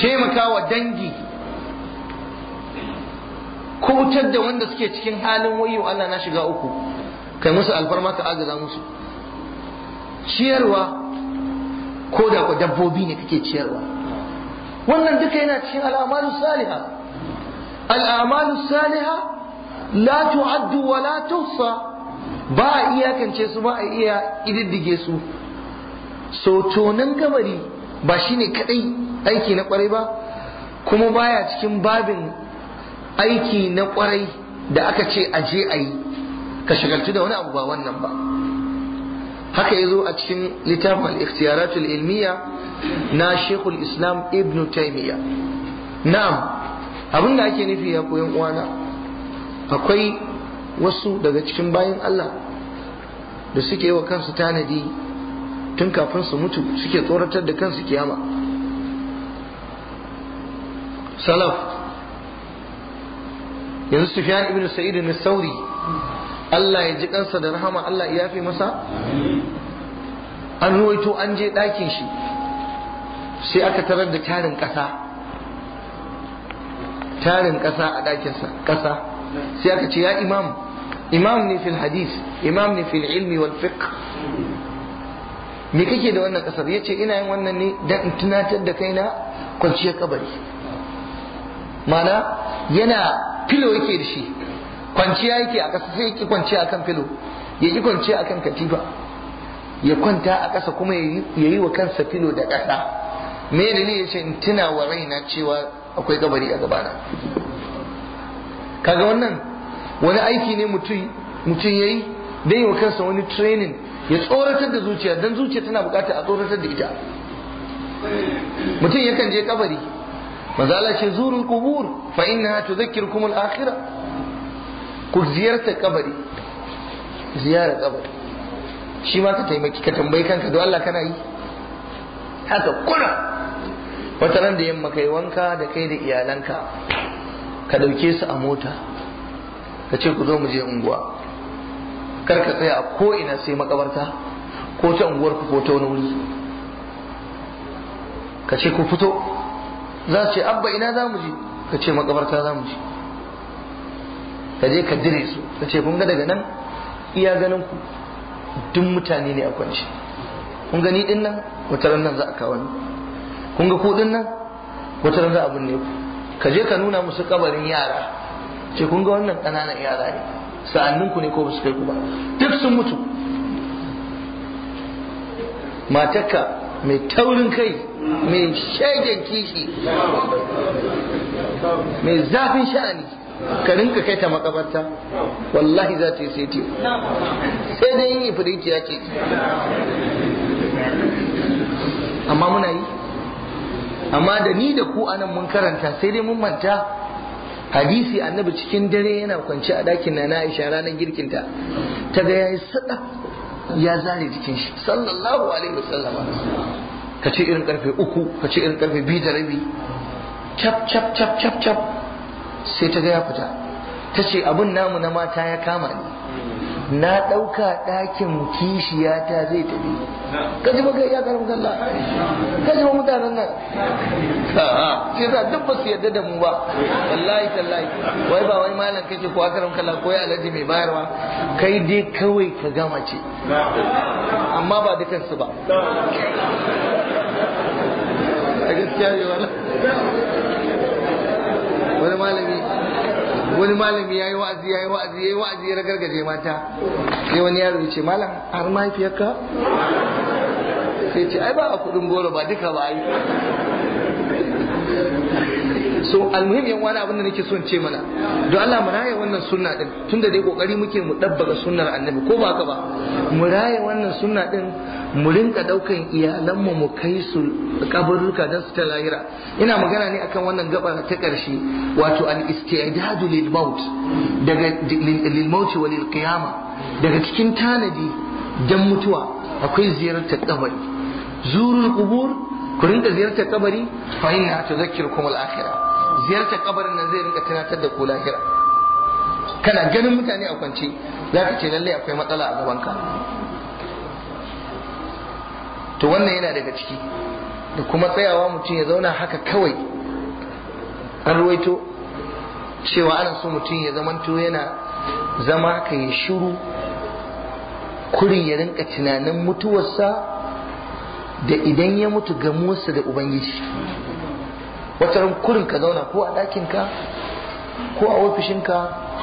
taimaka wa dangi kubutar da wanda suke cikin halin wayo Allah na shiga uku kai musu alfarma ka agaza musu ciyarwa ko da ku dabbobi ne kake ciyarwa wannan duka yana cikin al'amalu saliha al'amalu saliha la tu'addu wa la tuhsa ba a iyakance su ba a iya ididdige su so tonan kabari ba shine kadai aiki na kwarai ba kuma baya cikin babin aiki na kwarai da aka ce a je a yi ka shagaltu da wani abu ba wannan ba haka ya zo a cikin littafin al-ikhtiyaratul ilmiya na shekul islam ibn taimiyya na'am abinda ake nufi ya koyan uwana akwai wasu daga cikin bayan Allah da suke wa kansu tanadi tun kafin su mutu suke tsoratar da kansu kiyama salaf yanzu sufyan ibn Sa'idu na sauri Allah ya ji kansa da rahama Allah ya fi masa an ruwaito an je ɗakin shi sai aka tarar da tarin ƙasa tarin ƙasa a ɗakinsa ƙasa sai aka ce ya imam imam ne fil hadis imam ne fil ilmi wal fiqh me kake da wannan kasar ce ina yin wannan ne dan in tunatar da kaina kwanciyar kabari mana yana filo yake da shi kwanciya yake a ƙasa sai yake kwanciya akan filo ya yi kwanciya akan katifa ya kwanta a ƙasa kuma ya yi wa kansa filo da ƙasa me ya ce in tuna wa raina cewa akwai kabari a gabana kaga wannan wani aiki ne mutum ya yi don yi wa kansa wani trenin ya tsoratar da zuciya don zuciya tana bukata a tsoratar da ita mutum yakan je kabari mazala Allah ce zurul qubur fa innaha zakir kuma akhirah ku ziyarta kabari ziyara kabari shi ma ka taimaki ka tambayi kanka don Allah kana yi haka kuna wata da yamma kai wanka da kai da iyalanka ka ɗauke su a mota ka ce ku zo mu je unguwa kar ka tsaya a ko'ina sai makabarta ko ta unguwar ku ko ta wani wuri ka ce ku fito za su ce abba ina za mu je ka ce makabarta za mu je ka je ka dire su ka ce kun ga daga nan iya ganin ku duk mutane ne a kwance kun gani din nan wata nan za a kawo ni kun ga ku din nan wata nan za a binne ku ka je ka nuna musu kabarin yara ce kun ga wannan ƙananan yara ne Sa'annin ku ne ko ba kai ku ba duk sun mutu matarka mai taurin kai mai shagen kishi mai zafin sha'ani ka rinka kai ta makabarta wallahi za ta yi sai sai dai yin ifirinki ya ce amma muna yi amma da ni da ku anan mun karanta sai dai mun manta hadisi annabi cikin dare yana kwance a ɗakin na na Aisha ranar girkinta ta ga yayi sada ya zare jikin shi sallallahu alaihi wasallam ka ce irin karfe uku ka ce irin karfe biyu da rabi cap cap cap cap cap sai ta ga ya fita ta ce abin namu na mata ya kama ni na ɗauka ɗakin kishiyata zai tafi kaji ba kai ya karfi kalla kaji ba mutanen nan shi sa duk ba su yadda da mu ba wallahi tallahi wai ba wai malam kake ko akaram kalla ko ya alaji mai bayarwa kai dai kawai ka gama ce amma ba dukansu ba a gaskiya ne wani malami wani malami ya yi wa'azi ya yi wa'azi ya yi wa'azi ya ragargaje mata sai wani yaro ya ce malam har mahaifiyarka sai ce ai ba a kudin goro ba duka ba yi so almuhim yan wani abin da nake son ce mana don Allah mu raye wannan sunna din tunda dai kokari muke mu dabbaga sunnar annabi ko ba haka ba mu raye wannan sunna din mu rinka daukan iyalan mu mu kai su kaburruka da su ta lahira ina magana ne akan wannan gaba ta karshe wato al istidadu lil maut daga lil maut wa lil qiyama daga cikin tanadi dan mutuwa akwai ziyartar kabari zurul qubur ku da ziyartar kabari fa inna tuzakkirukum al akhirah ziyartar kabarin nan zai rinka tunatar da ku lahira kana ganin mutane a kwance za ka ce lallai akwai matsala a gabanka to wannan yana daga ciki da kuma tsayawa mutum ya zauna haka kawai an ruwaito cewa ana so mutum ya zamanto yana zama haka ya shiru kurin ya rinka tunanin mutuwarsa da idan ya mutu gamuwarsa da ubangiji wata ran kurin ka zauna ko a ɗakin ka ko a ofishinka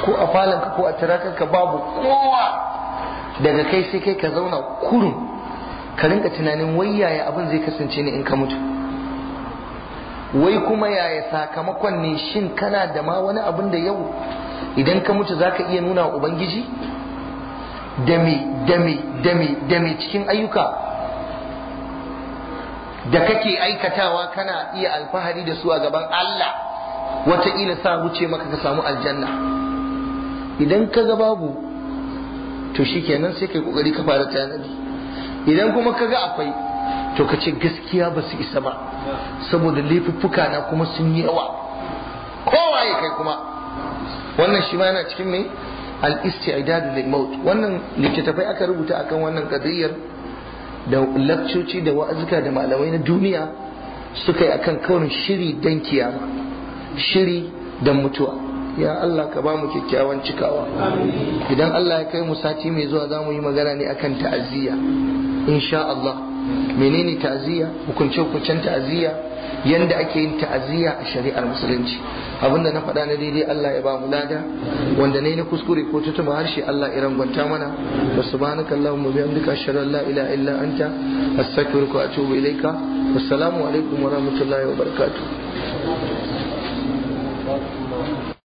ko a ka ko a ka babu kowa daga kai sai kai ka zauna kurin, ka rinka tunanin wai yaya abin zai kasance ne in ka mutu wai kuma yaya sakamakon ne shin kana da ma wani abin da yau idan ka mutu za ka iya nuna ubangiji da me da me cikin ayyuka da kake aikatawa kana iya alfahari da su a gaban Allah wataƙila sa wuce maka ka samu aljanna idan ka ga babu to shikenan sai kai kokari ka fara tanadi idan kuma ka ga akwai to ka gaskiya ba su isa ba saboda laifuffuka na kuma sun yi yawa kowaye kai kuma wannan shi ma yana cikin mai al-istidad lil maut wannan littattafai aka rubuta akan wannan kadiyar da lakcoci da wa'azuka da malamai na duniya suka yi a kan kawai shiri don kiyama shiri don mutuwa ya Allah ka ba mu kyakkyawan cikawa idan Allah ya kai mu sati mai zuwa za mu yi magana ne akan ta'aziyya insha Allah menene ta'aziyya hukunce hukuncen ta'aziyya yanda ake yin ta'aziyya a shari'ar musulunci abinda na faɗa na daidai Allah ya ba mu lada wanda ne na kuskure ko tutuma harshe Allah ya rangwanta mana wa subhanaka allahumma wa bihamdika ashhadu an la ilaha illa anta astaghfiruka wa atubu ilaika wassalamu alaikum wa rahmatullahi wa barakatuh